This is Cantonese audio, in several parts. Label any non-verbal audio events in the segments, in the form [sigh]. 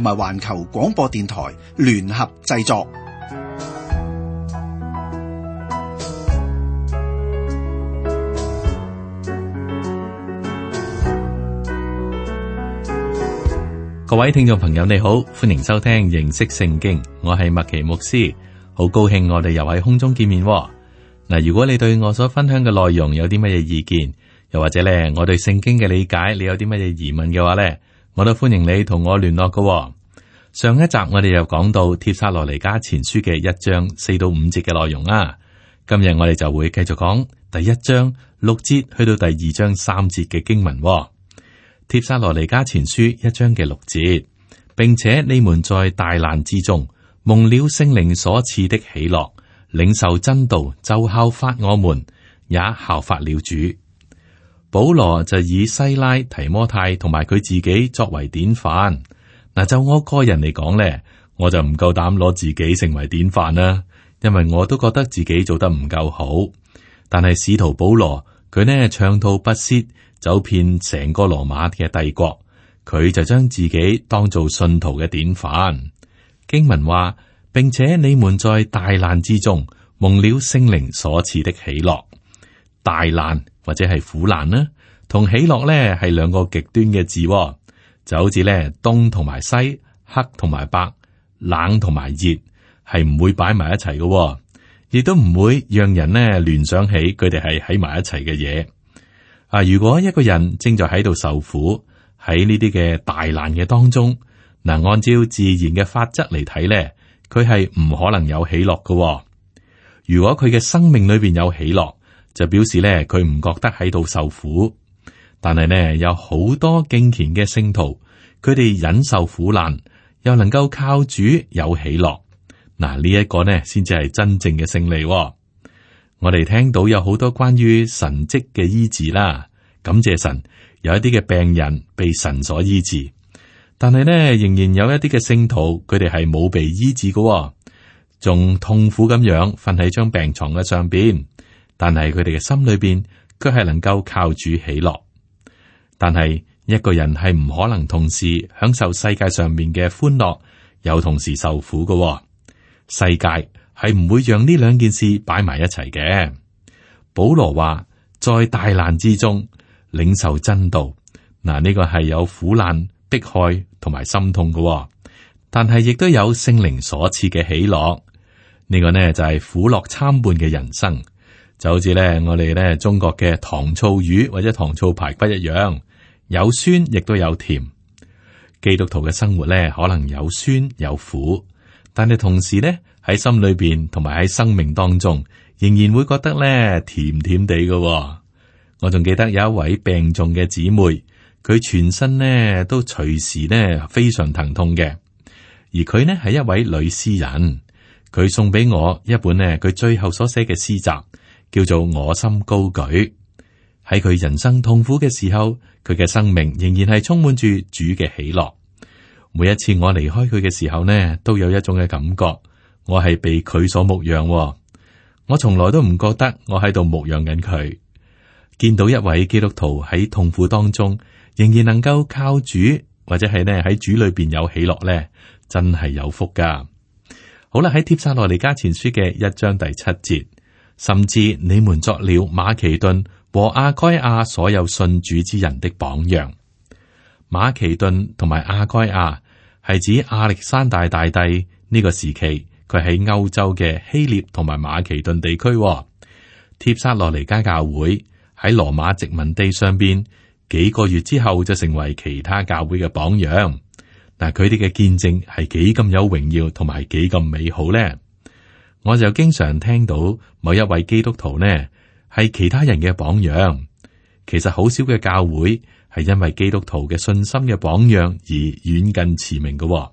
同埋環球廣播電台聯合製作。各位聽眾朋友，你好，歡迎收聽認識聖經。我係麥奇牧師，好高興我哋又喺空中見面。嗱，如果你對我所分享嘅內容有啲乜嘢意見，又或者咧，我對聖經嘅理解，你有啲乜嘢疑問嘅話咧？我都歡迎你同我聯絡嘅、哦。上一集我哋又講到《帖撒羅尼迦前書》嘅一章四到五節嘅內容啦、啊。今日我哋就會繼續講第一章六節去到第二章三節嘅經文、哦。《帖撒羅尼迦前書》一章嘅六節，並且你們在大難之中蒙了聖靈所賜的喜樂，領受真道，就效法我們，也效法了主。保羅就以西拉、提摩太同埋佢自己作為典範。嗱，就我個人嚟講咧，我就唔夠膽攞自己成為典範啦、啊，因為我都覺得自己做得唔夠好。但係使徒保羅佢咧長途跋涉，走遍成個羅馬嘅帝國，佢就將自己當做信徒嘅典範。經文話，並且你們在大難之中，蒙了聖靈所賜的喜樂。大難。或者係苦難呢？同喜樂咧係兩個極端嘅字，哦，就好似咧東同埋西、黑同埋白、冷同埋熱，係唔會擺埋一齊嘅，哦，亦都唔會讓人呢聯想起佢哋係喺埋一齊嘅嘢。啊，如果一個人正在喺度受苦，喺呢啲嘅大難嘅當中，嗱，按照自然嘅法則嚟睇咧，佢係唔可能有喜樂嘅，哦。如果佢嘅生命裏邊有喜樂。就表示咧，佢唔覺得喺度受苦，但係呢，有好多敬虔嘅聖徒，佢哋忍受苦難，又能夠靠主有喜樂。嗱，呢一個呢，先至係真正嘅勝利喎。我哋聽到有好多關於神跡嘅醫治啦，感謝神，有一啲嘅病人被神所醫治，但係呢，仍然有一啲嘅聖徒，佢哋係冇被醫治嘅喎，仲痛苦咁樣瞓喺張病床嘅上邊。但係佢哋嘅心裏邊，佢係能夠靠主喜樂。但係一個人係唔可能同時享受世界上面嘅歡樂，又同時受苦嘅、哦。世界係唔會讓呢兩件事擺埋一齊嘅。保羅話：在大難之中，領受真道嗱，呢、呃這個係有苦難迫害同埋心痛嘅、哦，但係亦都有聖靈所賜嘅喜樂。呢、這個呢就係、是、苦樂參半嘅人生。就好似咧，我哋咧中國嘅糖醋魚或者糖醋排骨一樣，有酸亦都有甜。基督徒嘅生活咧，可能有酸有苦，但係同時咧喺心裏邊同埋喺生命當中，仍然會覺得咧甜甜地嘅。我仲記得有一位病重嘅姊妹，佢全身咧都隨時咧非常疼痛嘅，而佢呢係一位女詩人，佢送俾我一本呢佢最後所寫嘅詩集。叫做我心高舉，喺佢人生痛苦嘅時候，佢嘅生命仍然係充滿住主嘅喜樂。每一次我離開佢嘅時候呢，都有一種嘅感覺，我係被佢所牧養。我從來都唔覺得我喺度牧養緊佢。見到一位基督徒喺痛苦當中，仍然能夠靠主，或者係呢喺主裏面有喜樂呢，真係有福噶。好啦，喺帖撒羅尼迦前書嘅一章第七節。甚至你們作了馬其頓和阿該亞所有信主之人的榜樣。馬其頓同埋阿該亞係指亞歷山大大帝呢個時期，佢喺歐洲嘅希臘同埋馬其頓地區。帖撒羅尼迦教會喺羅馬殖民地上邊，幾個月之後就成爲其他教會嘅榜樣。嗱，佢哋嘅見證係幾咁有榮耀同埋幾咁美好咧？我就經常聽到某一位基督徒呢，係其他人嘅榜樣，其實好少嘅教會係因為基督徒嘅信心嘅榜樣而遠近馳名嘅哦。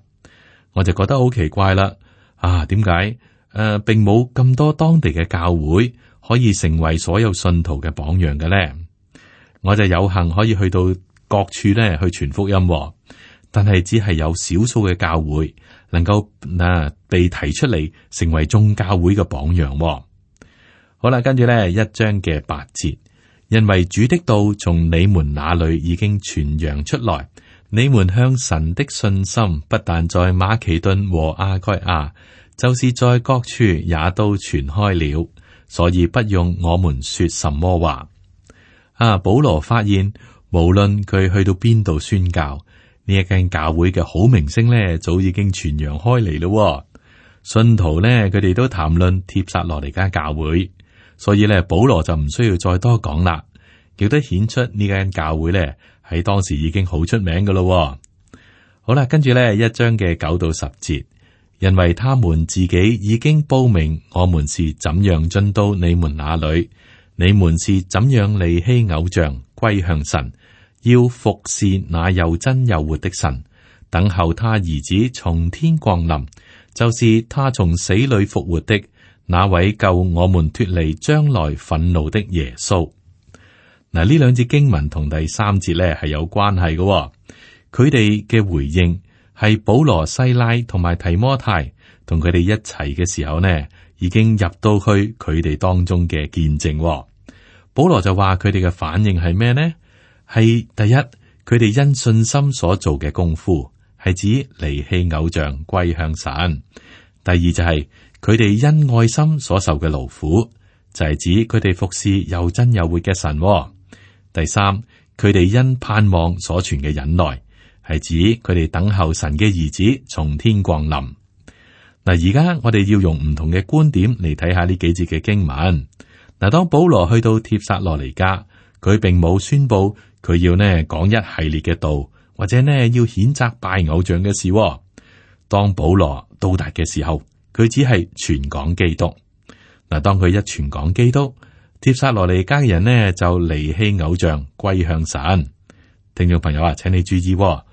我就覺得好奇怪啦，啊，點解誒，並冇咁多當地嘅教會可以成為所有信徒嘅榜樣嘅咧？我就有幸可以去到各處咧去傳福音哦，但係只係有少數嘅教會。能夠、啊、被提出嚟，成為宗教會嘅榜樣、哦。好啦，跟住呢一章嘅八節，因為主的道從你們那裏已經傳揚出來，你們向神的信心不但在馬其頓和亞該亞，就是在各處也都傳開了，所以不用我們說什麼話。啊，保羅發現無論佢去到邊度宣教。呢一間教會嘅好名聲咧，早已經傳揚開嚟咯。信徒咧，佢哋都談論帖撒羅尼迦教會，所以咧，保羅就唔需要再多講啦。亦都顯出呢間教會咧，喺當時已經好出名㗎咯。好啦，跟住咧一章嘅九到十節，因為他們自己已經報明，我們是怎樣進到你們那裏，你們是怎樣離棄偶像歸向神。要服侍那又真又活的神，等候他兒子從天降臨，就是他從死裏復活的那位救我們脫離將來憤怒的耶穌。嗱，呢兩節經文同第三節咧係有關係嘅。佢哋嘅回應係保羅西拉同埋提摩太同佢哋一齊嘅時候呢，已經入到去佢哋當中嘅見證。保羅就話佢哋嘅反應係咩呢？係第一，佢哋因信心所做嘅功夫，係指離棄偶像歸向神；第二就係佢哋因愛心所受嘅勞苦，就係、是、指佢哋服侍又真又活嘅神，哦；第三，佢哋因盼望所存嘅忍耐，係指佢哋等候神嘅兒子從天降臨。嗱，而家我哋要用唔同嘅觀點嚟睇下呢幾節嘅經文。嗱，當保羅去到帖撒羅尼迦，佢並冇宣布。佢要呢講一系列嘅道，或者呢要譴責拜偶像嘅事、哦。當保羅到達嘅時候，佢只係傳講基督。嗱，當佢一傳講基督，帖撒羅尼迦嘅人呢就離棄偶像歸向神。聽眾朋友啊，請你注意、哦，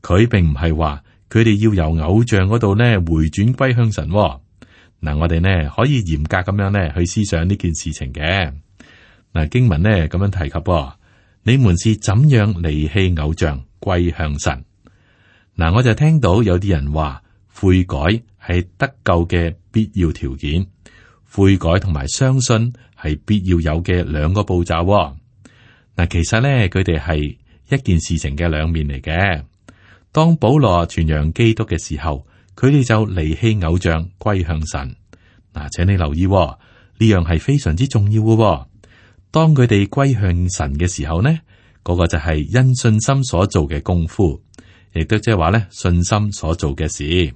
佢並唔係話佢哋要由偶像嗰度呢回轉歸向神、哦。嗱，我哋呢可以嚴格咁樣呢去思想呢件事情嘅。嗱，經文呢咁樣提及。你們是怎樣離棄偶像歸向神？嗱、啊，我就聽到有啲人話悔改係得救嘅必要條件，悔改同埋相信係必要有嘅兩個步驟、喎。嗱、啊，其實咧佢哋係一件事情嘅兩面嚟嘅。當保羅傳揚基督嘅時候，佢哋就離棄偶像歸向神。嗱、啊，請你留意喎，呢樣係非常之重要嘅、喎。當佢哋歸向神嘅時候呢，嗰個就係因信心所做嘅功夫，亦都即係話咧信心所做嘅事。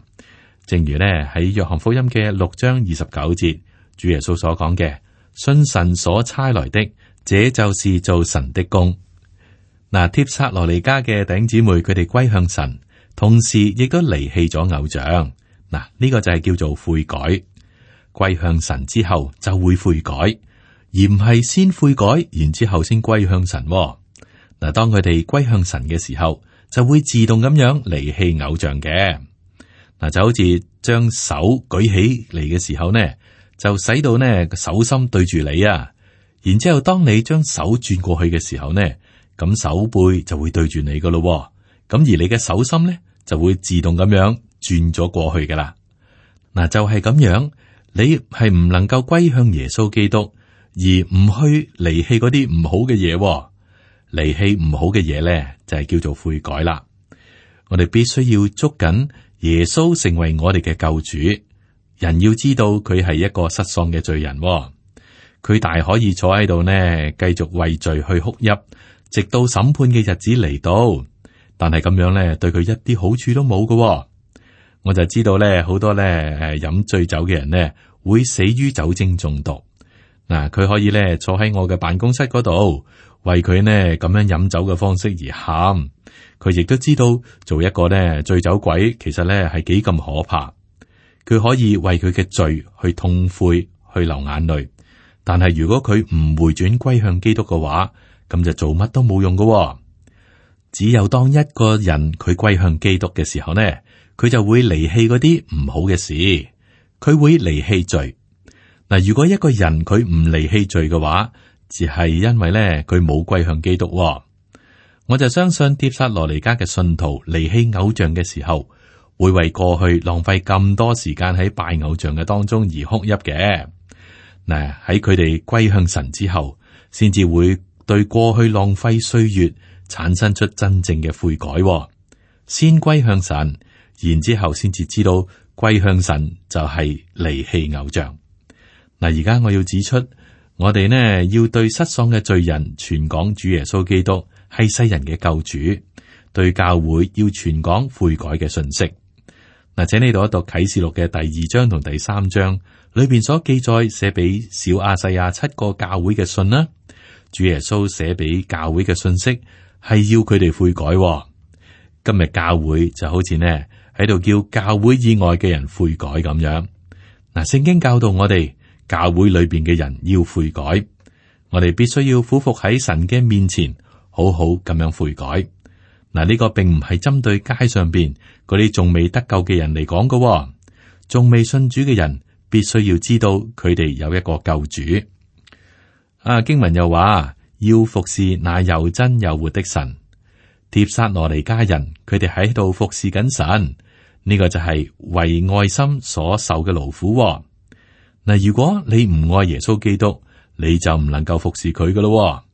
正如咧喺約翰福音嘅六章二十九節，主耶穌所講嘅：信神所差來的，這就是做神的工」。嗱，帖撒羅尼迦嘅頂姊妹佢哋歸向神，同時亦都離棄咗偶像。嗱，呢個就係叫做悔改。歸向神之後就會悔改。而唔係先悔改，然之後先歸向神嗱。當佢哋歸向神嘅時候，就會自動咁樣離棄偶像嘅嗱。就好似將手舉起嚟嘅時候呢，就使到呢個手心對住你啊。然之後當你將手轉過去嘅時候呢，咁手背就會對住你噶咯。咁而你嘅手心呢，就會自動咁樣轉咗過去噶啦。嗱，就係咁樣，你係唔能夠歸向耶穌基督，而唔去離棄嗰啲唔好嘅嘢、哦，離棄唔好嘅嘢咧，就係叫做悔改啦。我哋必須要捉緊耶穌成為我哋嘅救主。人要知道佢係一個失喪嘅罪人、哦，佢大可以坐喺度呢，繼續畏罪去哭泣，直到審判嘅日子嚟到。但係咁樣咧，對佢一啲好處都冇㗎、哦。我就知道咧，好多咧，誒，飲醉酒嘅人呢，會死於酒精中毒。嗱，佢、啊、可以咧坐喺我嘅辦公室嗰度，為佢呢咁樣飲酒嘅方式而喊。佢亦都知道做一個呢醉酒鬼，其實咧係幾咁可怕。佢可以為佢嘅罪去痛悔，去流眼淚。但係如果佢唔回轉歸向基督嘅話，咁就做乜都冇用㗎、哦。只有當一個人佢歸向基督嘅時候呢，佢就會離棄嗰啲唔好嘅事，佢會離棄罪。嗱，如果一個人佢唔離棄罪嘅話，只係因為咧佢冇歸向基督。我就相信，帖撒羅尼迦嘅信徒離棄偶像嘅時候，會為過去浪費咁多時間喺拜偶像嘅當中而哭泣嘅。嗱，喺佢哋歸向神之後，先至會對過去浪費歲月產生出真正嘅悔改。先歸向神，然之後先至知道歸向神就係離棄偶像。嗱，而家我要指出，我哋呢要對失喪嘅罪人傳講主耶穌基督係世人嘅救主，對教會要傳講悔改嘅信息。嗱，請你讀一讀啟示錄嘅第二章同第三章裏邊所記載寫俾小亞細亞七個教會嘅信啦。主耶穌寫俾教會嘅信息係要佢哋悔改喎。今日教會就好似呢喺度叫教會以外嘅人悔改咁樣。嗱，聖經教導我哋。教會裏邊嘅人要悔改，我哋必須要俯伏喺神嘅面前，好好咁樣悔改。嗱，呢個並唔係針對街上邊嗰啲仲未得救嘅人嚟講噶，仲未信主嘅人必須要知道佢哋有一個救主。啊，經文又話要服侍那又真又活的神。帖撒羅尼迦人佢哋喺度服侍緊神，呢、這個就係為愛心所受嘅勞苦，哦。嗱，如果你唔愛耶穌基督，你就唔能夠服侍佢噶咯，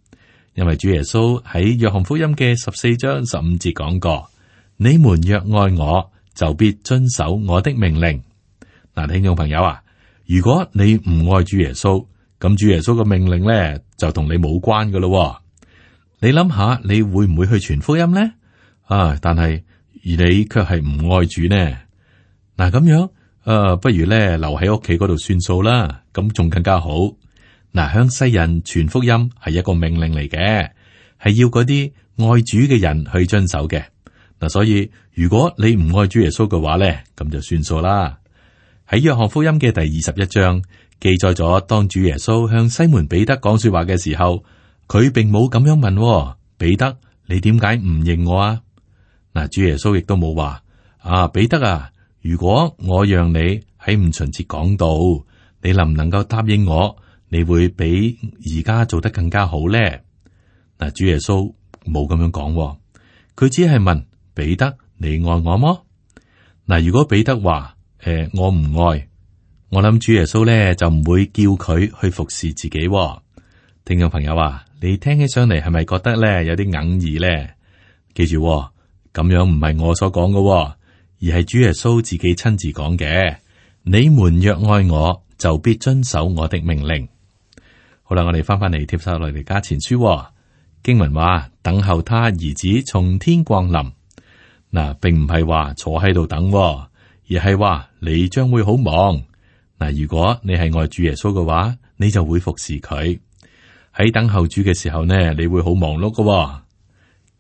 因為主耶穌喺約翰福音嘅十四章十五節講過：你們若愛我，就必遵守我的命令。嗱、啊，聽眾朋友啊，如果你唔愛主耶穌，咁主耶穌嘅命令咧就同你冇關噶咯。你諗下，你會唔會去傳福音呢？啊，但係而你卻係唔愛主呢？嗱、啊，咁樣。誒、啊，不如咧留喺屋企嗰度算數啦，咁仲更加好。嗱、啊，向世人傳福音係一個命令嚟嘅，係要嗰啲愛主嘅人去遵守嘅。嗱、啊，所以如果你唔愛主耶穌嘅話咧，咁就算數啦。喺約翰福音嘅第二十一章記載咗，當主耶穌向西門彼得講說話嘅時候，佢並冇咁樣問、哦、彼得：你點解唔認我啊？嗱，主耶穌亦都冇話啊，彼得啊。如果我讓你喺五旬節講道，你能唔能夠答應我，你會比而家做得更加好咧？嗱，主耶穌冇咁樣講，佢只係問彼得：你愛我麼？嗱，如果彼得話：誒，我唔愛，我諗主耶穌咧就唔會叫佢去服侍自己。聽眾朋友啊，你聽起上嚟係咪覺得咧有啲哽耳咧？記住，咁樣唔係我所講嘅。而係主耶穌自己親自講嘅，你們若愛我，就必遵守我的命令。好啦，我哋翻翻嚟帖撒羅尼迦前書，哦，經文話，等候他兒子從天降臨。嗱，啊，並唔係話坐喺度等，哦，而係話你將會好忙。嗱，啊，如果你係愛主耶穌嘅話，你就會服侍佢。喺等候主嘅時候呢，你會好忙碌嘅，哦。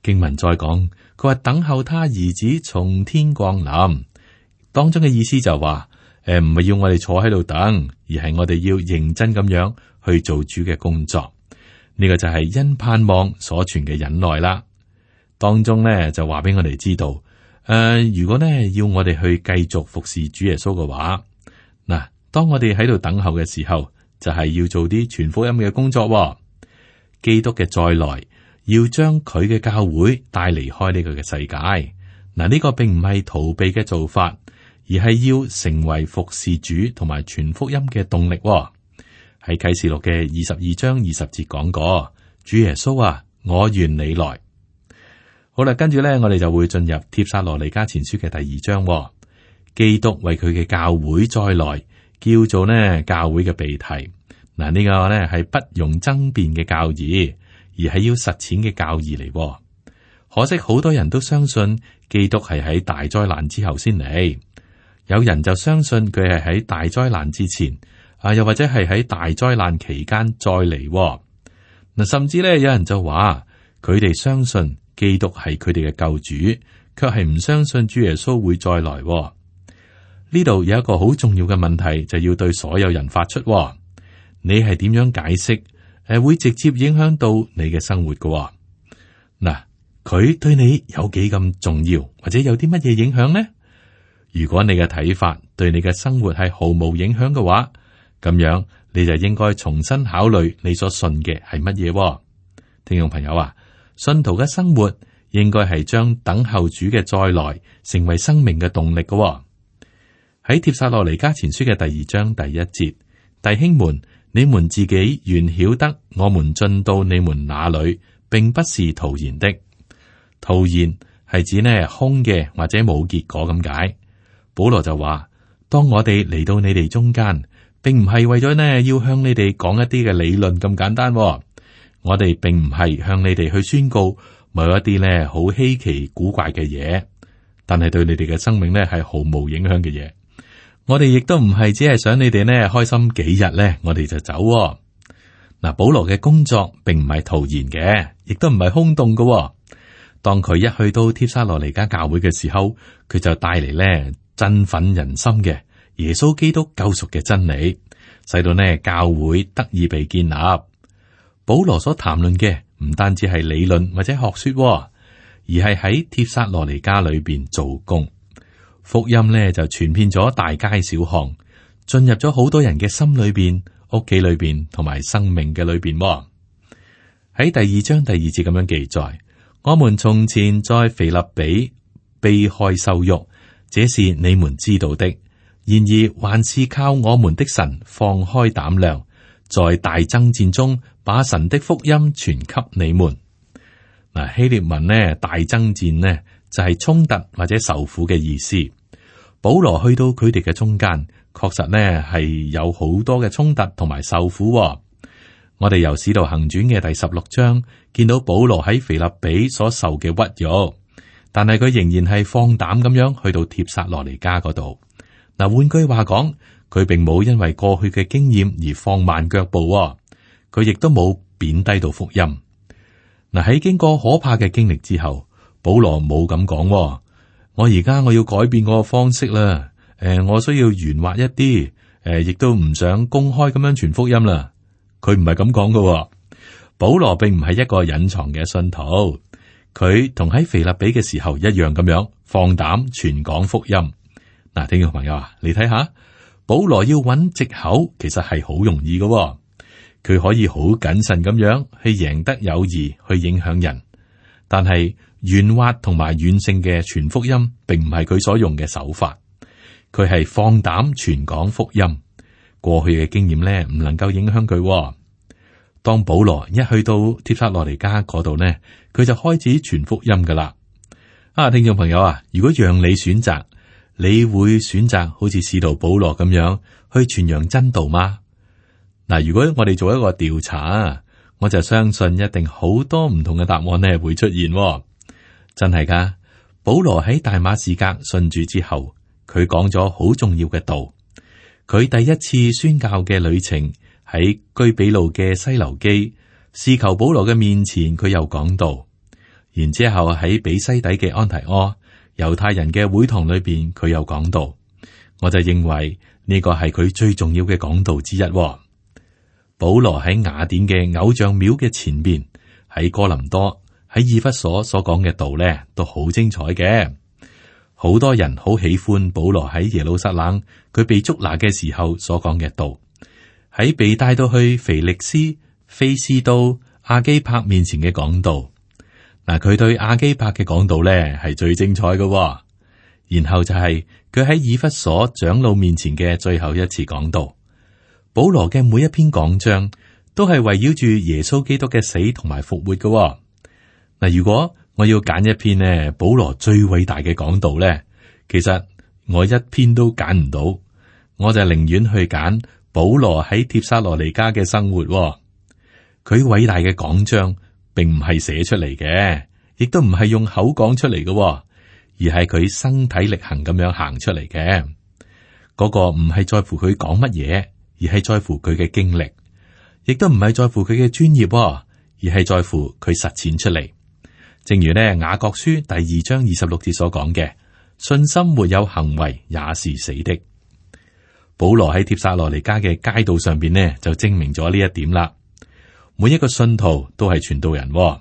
經文再講，佢話，等候他兒子從天降臨，當中嘅意思就話，誒唔係要我哋坐喺度等，而係我哋要認真咁樣去做主嘅工作。呢、這個就係因盼望所存嘅忍耐啦。當中咧就話俾我哋知道，誒、呃、如果咧要我哋去繼續服侍主耶穌嘅話，嗱，當我哋喺度等候嘅時候，就係、是、要做啲全福音嘅工作、哦。基督嘅再來。要將佢嘅教會帶離開呢個嘅世界，嗱、這、呢個並唔係逃避嘅做法，而係要成為服侍主同埋傳福音嘅動力、哦。喺啟示錄嘅二十二章二十節講過，主耶穌啊，我願你來。好啦，跟住咧，我哋就會進入帖撒羅尼迦前書嘅第二章、哦，基督為佢嘅教會再來，叫做呢教會嘅被提。嗱、這個、呢個咧係不容爭辯嘅教義。而係要實踐嘅教義嚟、哦，可惜好多人都相信基督係喺大災難之後先嚟，有人就相信佢係喺大災難之前，啊，又或者係喺大災難期間再嚟。嗱，甚至咧，有人就話佢哋相信基督係佢哋嘅救主，卻係唔相信主耶穌會再來、哦。呢度有一個好重要嘅問題，就是、要對所有人發出、哦：你係點樣解釋？係，會直接影響到你嘅生活㗎喎。嗱，佢對你有幾咁重要，或者有啲乜嘢影響呢？如果你嘅睇法對你嘅生活係毫無影響嘅話，咁樣你就應該重新考慮你所信嘅係乜嘢。聽眾朋友啊，信徒嘅生活應該係將等候主嘅再來成為生命嘅動力㗎喎。喺帖撒羅尼迦前書嘅第二章第一節，弟兄們。你們自己原曉得，我們進到你們那裏，並不是徒然的。徒然係指呢空嘅或者冇結果咁解。保羅就話：當我哋嚟到你哋中間，並唔係為咗呢要向你哋講一啲嘅理論咁簡單。我哋並唔係向你哋去宣告某一啲呢好稀奇古怪嘅嘢，但係對你哋嘅生命呢係毫無影響嘅嘢。我哋亦都唔係只係想你哋呢開心幾日咧，我哋就走喎。嗱，保羅嘅工作並唔係徒然嘅，亦都唔係空洞嘅喎。當佢一去到帖撒羅尼迦教會嘅時候，佢就帶嚟咧振奮人心嘅耶穌基督救贖嘅真理，使到呢教會得以被建立。保羅所談論嘅唔單止係理論或者學說喎，而係喺帖撒羅尼迦裏邊做工。福音呢就傳遍咗大街小巷，進入咗好多人嘅心裏邊、屋企裏邊同埋生命嘅裏邊。喺第二章第二節咁樣記載：我們從前在腓立比被害受辱，這是你們知道的。然而，還是靠我們的神放開膽量，在大爭戰中把神的福音傳給你們。嗱，希臘文呢，「大爭戰呢，就係、是、衝突或者受苦嘅意思。保羅去到佢哋嘅中間，確實呢係有好多嘅衝突同埋受苦，哦。我哋由使徒行傳嘅第十六章見到保羅喺腓立比所受嘅屈辱，但係佢仍然係放膽咁樣去到帖撒羅尼迦嗰度。嗱，換句話講，佢並冇因為過去嘅經驗而放慢腳步，哦，佢亦都冇貶低到福音。嗱喺經過可怕嘅經歷之後，保羅冇咁講。我而家我要改變嗰個方式啦，誒、呃，我需要圓滑一啲，誒、呃，亦都唔想公開咁樣傳福音啦。佢唔係咁講噶，保羅並唔係一個隱藏嘅信徒，佢同喺腓立比嘅時候一樣咁樣放膽傳講福音。嗱，聽眾朋友啊，你睇下，保羅要揾藉口，其實係好容易噶，佢可以好謹慎咁樣去贏得友誼，去影響人，但係。軟滑同埋軟性嘅傳福音，並唔係佢所用嘅手法。佢係放膽傳講福音。過去嘅經驗咧，唔能夠影響佢。當保羅一去到帖撒羅尼加嗰度呢，佢就開始傳福音噶啦。啊，聽眾朋友啊，如果讓你選擇，你會選擇好似使徒保羅咁樣去傳揚真道嗎？嗱，如果我哋做一個調查，我就相信一定好多唔同嘅答案呢會出現。 [noise] 真係噶，保羅喺大馬士革信主之後，佢講咗好重要嘅道。佢第一次宣教嘅旅程喺居比路嘅西流基，士求保羅嘅面前佢又講道。然之後喺比西底嘅安提阿猶太人嘅會堂裏邊佢又講道。我就認為呢、這個係佢最重要嘅講道，道之一。保羅喺雅典嘅偶像廟嘅前面，喺哥林多。喺以弗所所講嘅道咧，都好精彩嘅。好多人好喜歡保羅喺耶路撒冷佢被捉拿嘅時候所講嘅道，喺被帶到去腓力斯、菲斯都、阿基柏面前嘅講道。嗱、啊，佢對阿基柏嘅講道咧係最精彩嘅、哦。然後就係佢喺以弗所長老面前嘅最後一次講道。保羅嘅每一篇講章都係圍繞住耶穌基督嘅死同埋復活嘅、哦。嗱，如果我要揀一篇呢，保羅最偉大嘅講道咧，其實我一篇都揀唔到，我就寧願去揀保羅喺帖撒羅尼迦嘅生活。佢偉大嘅講章並寫，並唔係寫出嚟嘅，亦都唔係用口講出嚟嘅，而係佢身體力行咁樣行出嚟嘅。嗰、那個唔係在乎佢講乜嘢，而係在乎佢嘅經歷，亦都唔係在乎佢嘅專業，而係在乎佢實踐出嚟。正如咧雅各書第二章二十六節所講嘅，信心沒有行為也是死的。保羅喺帖撒羅尼迦嘅街道上邊呢，就證明咗呢一點啦。每一個信徒都係傳道人。誒、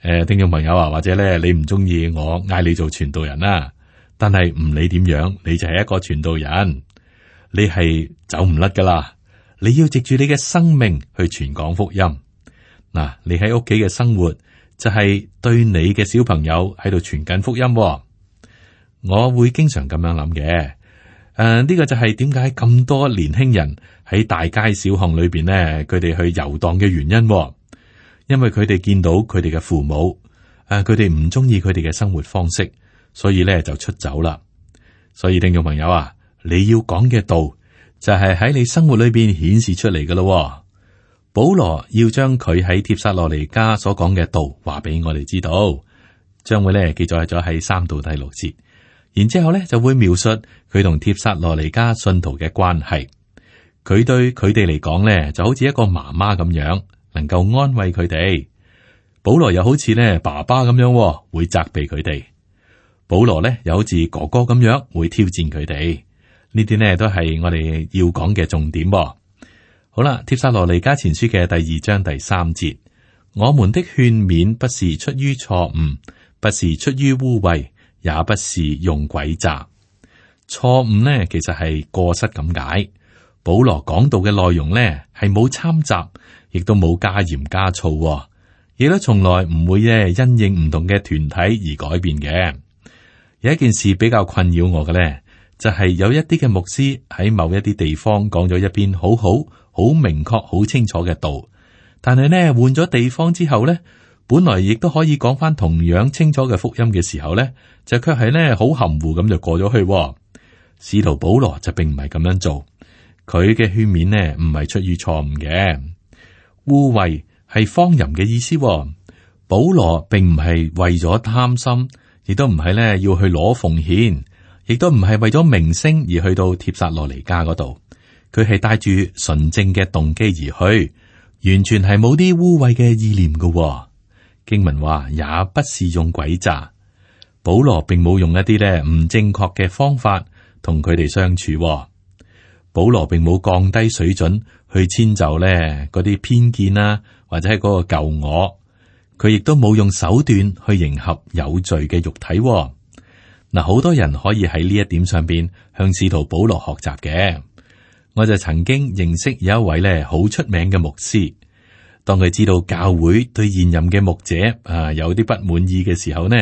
呃，聽眾朋友啊，或者咧你唔中意我嗌你做傳道人啊，但係唔理點樣，你就係一個傳道人，你係走唔甩噶啦。你要藉住你嘅生命去傳講福音。嗱、呃，你喺屋企嘅生活。就係對你嘅小朋友喺度傳緊福音。哦，我會經常咁樣諗嘅。誒、呃，呢、呢個就係點解咁多年輕人喺大街小巷裏邊咧，佢哋去遊蕩嘅原因。哦。因為佢哋見到佢哋嘅父母，誒、呃，佢哋唔中意佢哋嘅生活方式，所以咧就出走啦。所以聽眾朋友啊，你要講嘅道就係喺你生活裏邊顯示出嚟嘅咯。保羅要將佢喺帖撒羅尼迦所講嘅道話俾我哋知道，將會咧記載咗喺三到第六節。然之後咧就會描述佢同帖撒羅尼迦信徒嘅關係。佢對佢哋嚟講咧就好似一個媽媽咁樣，能夠安慰佢哋。保羅又好似咧爸爸咁樣，會責備佢哋。保羅咧又好似哥哥咁樣，會挑戰佢哋。呢啲咧都係我哋要講嘅重點。好啦，《帖撒羅尼迦前書》嘅第二章第三節，我們的勸勉不是出於錯誤，不是出於污穢，也不是用詭詐。錯誤呢，其實係過失咁解。保羅講到嘅內容呢，係冇摻雜，亦都冇加鹽加醋，亦都從來唔會因應唔同嘅團體而改變嘅。有一件事比較困擾我嘅呢，就係、是、有一啲嘅牧師喺某一啲地方講咗一篇好好。好明確、好清楚嘅道，但係呢，換咗地方之後呢，本來亦都可以講返同樣清楚嘅福音嘅時候呢，就卻係呢，好含糊咁就過咗去、哦。使徒保羅就並唔係咁樣做，佢嘅勸勉呢，唔係出於錯誤嘅。污穢係荒淫嘅意思、哦，保羅並唔係為咗貪心，亦都唔係呢，要去攞奉獻，亦都唔係為咗名聲而去到帖撒羅尼迦嗰度。佢係帶住純正嘅動機而去，完全係冇啲污穢嘅意念嘅、哦、經文話，也不是用詭詐。保羅並冇用一啲咧唔正確嘅方法同佢哋相處、哦。保羅並冇降低水準去遷就咧嗰啲偏見啊，或者係嗰個舊我。佢亦都冇用手段去迎合有罪嘅肉體、哦。嗱，好多人可以喺呢一點上邊向使徒保羅學習嘅。我就曾經認識有一位咧好出名嘅牧師，當佢知道教會對現任嘅牧者啊有啲不滿意嘅時候呢，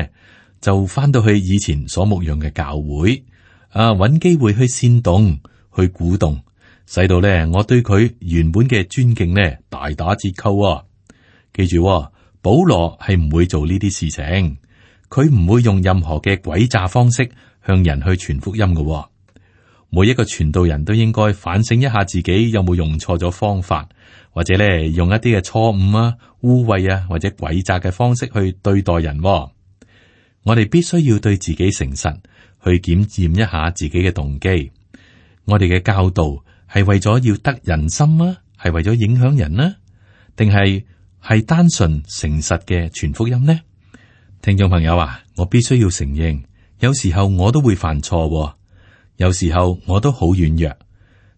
就翻到去以前所牧養嘅教會啊，揾機會去煽動、去鼓動，使到咧我對佢原本嘅尊敬呢大打折扣啊、哦！記住、哦，保羅係唔會做呢啲事情，佢唔會用任何嘅詭詐方式向人去傳福音嘅、哦。每一個傳道人都應該反省一下自己有冇用錯咗方法，或者咧用一啲嘅錯誤啊、污穢啊或者詭詐嘅方式去對待人哦。我哋必須要對自己誠實，去檢驗一下自己嘅動機。我哋嘅教導係為咗要得人心啊，係為咗影響人呢？定係係單純誠實嘅全福音呢？聽眾朋友啊，我必須要承認，有時候我都會犯錯哦。有時候我都好軟弱，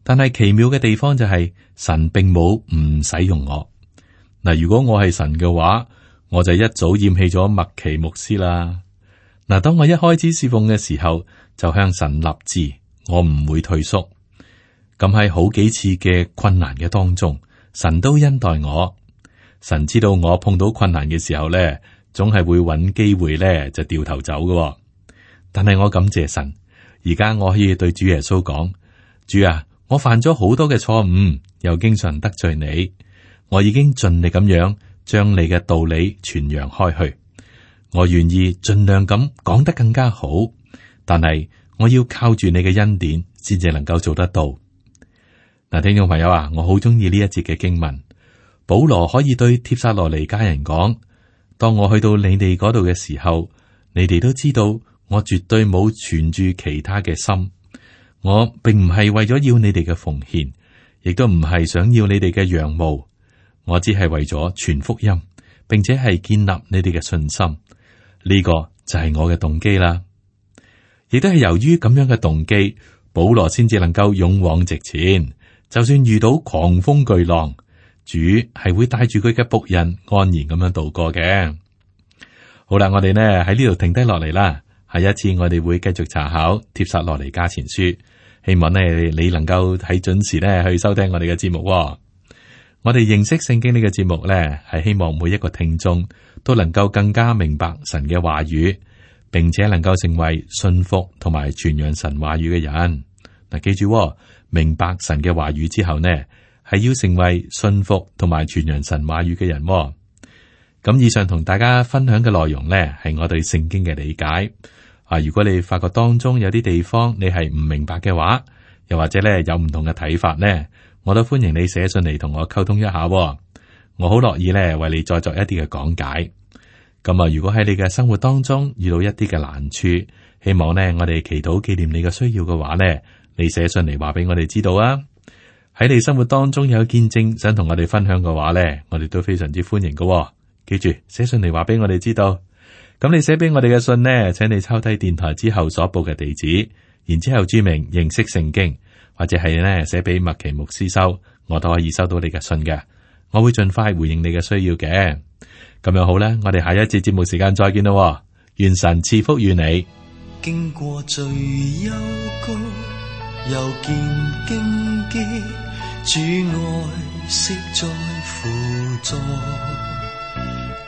但係奇妙嘅地方就係、是、神並冇唔使用我。嗱，如果我係神嘅話，我就一早厭棄咗麥奇牧師啦。嗱，當我一開始侍奉嘅時候，就向神立志，我唔會退縮。咁喺好幾次嘅困難嘅當中，神都恩待我。神知道我碰到困難嘅時候咧，總係會揾機會咧就掉頭走噶、喎。但係我感謝神。而家我可以對主耶穌講：主啊，我犯咗好多嘅錯誤，又經常得罪你。我已經盡力咁樣將你嘅道理傳揚開去，我願意盡量咁講得更加好。但係我要靠住你嘅恩典，先至能夠做得到。嗱、啊，聽眾朋友啊，我好中意呢一節嘅經文。保羅可以對帖撒羅尼迦人講：當我去到你哋嗰度嘅時候，你哋都知道。我絕對冇存住其他嘅心，我並唔係為咗要你哋嘅奉獻，亦都唔係想要你哋嘅仰慕，我只係為咗傳福音，並且係建立你哋嘅信心，呢個就係我嘅動機啦。亦都係由於咁樣嘅動機，保羅先至能夠勇往直前，就算遇到狂風巨浪，主係會帶住佢嘅僕人安然咁樣度過嘅。好啦，我哋呢喺呢度停低落嚟啦。下一次我哋會繼續查考帖撒羅尼迦前書，希望咧你能夠喺準時咧去收聽我哋嘅節目。我哋認識聖經呢個節目咧，係希望每一個聽眾都能夠更加明白神嘅話語，並且能夠成為信服同埋傳揚神話語嘅人。嗱，記住，明白神嘅話語之後呢，係要成為信服同埋傳揚神話語嘅人。咁以上同大家分享嘅內容呢，係我對聖經嘅理解啊。如果你發覺當中有啲地方你係唔明白嘅話，又或者咧有唔同嘅睇法呢，我都歡迎你寫信嚟同我溝通一下。我好樂意咧為你再作一啲嘅講解。咁啊，如果喺你嘅生活當中遇到一啲嘅難處，希望呢我哋祈禱紀念你嘅需要嘅話呢，你寫信嚟話俾我哋知道啊。喺你生活當中有見證想同我哋分享嘅話呢，我哋都非常之歡迎㗎。記住寫信嚟，話俾我哋知道，咁你寫俾我哋嘅信呢，請你抄低電台之後所報嘅地址，然之後注明認識聖經，或者係呢寫俾麥奇牧師收，我都可以收到你嘅信嘅，我會盡快回應你嘅需要嘅。咁樣好啦，我哋下一節節節目時間再見啦，願神賜福於你。經過最幽谷，又見荊棘，主愛惜在輔助。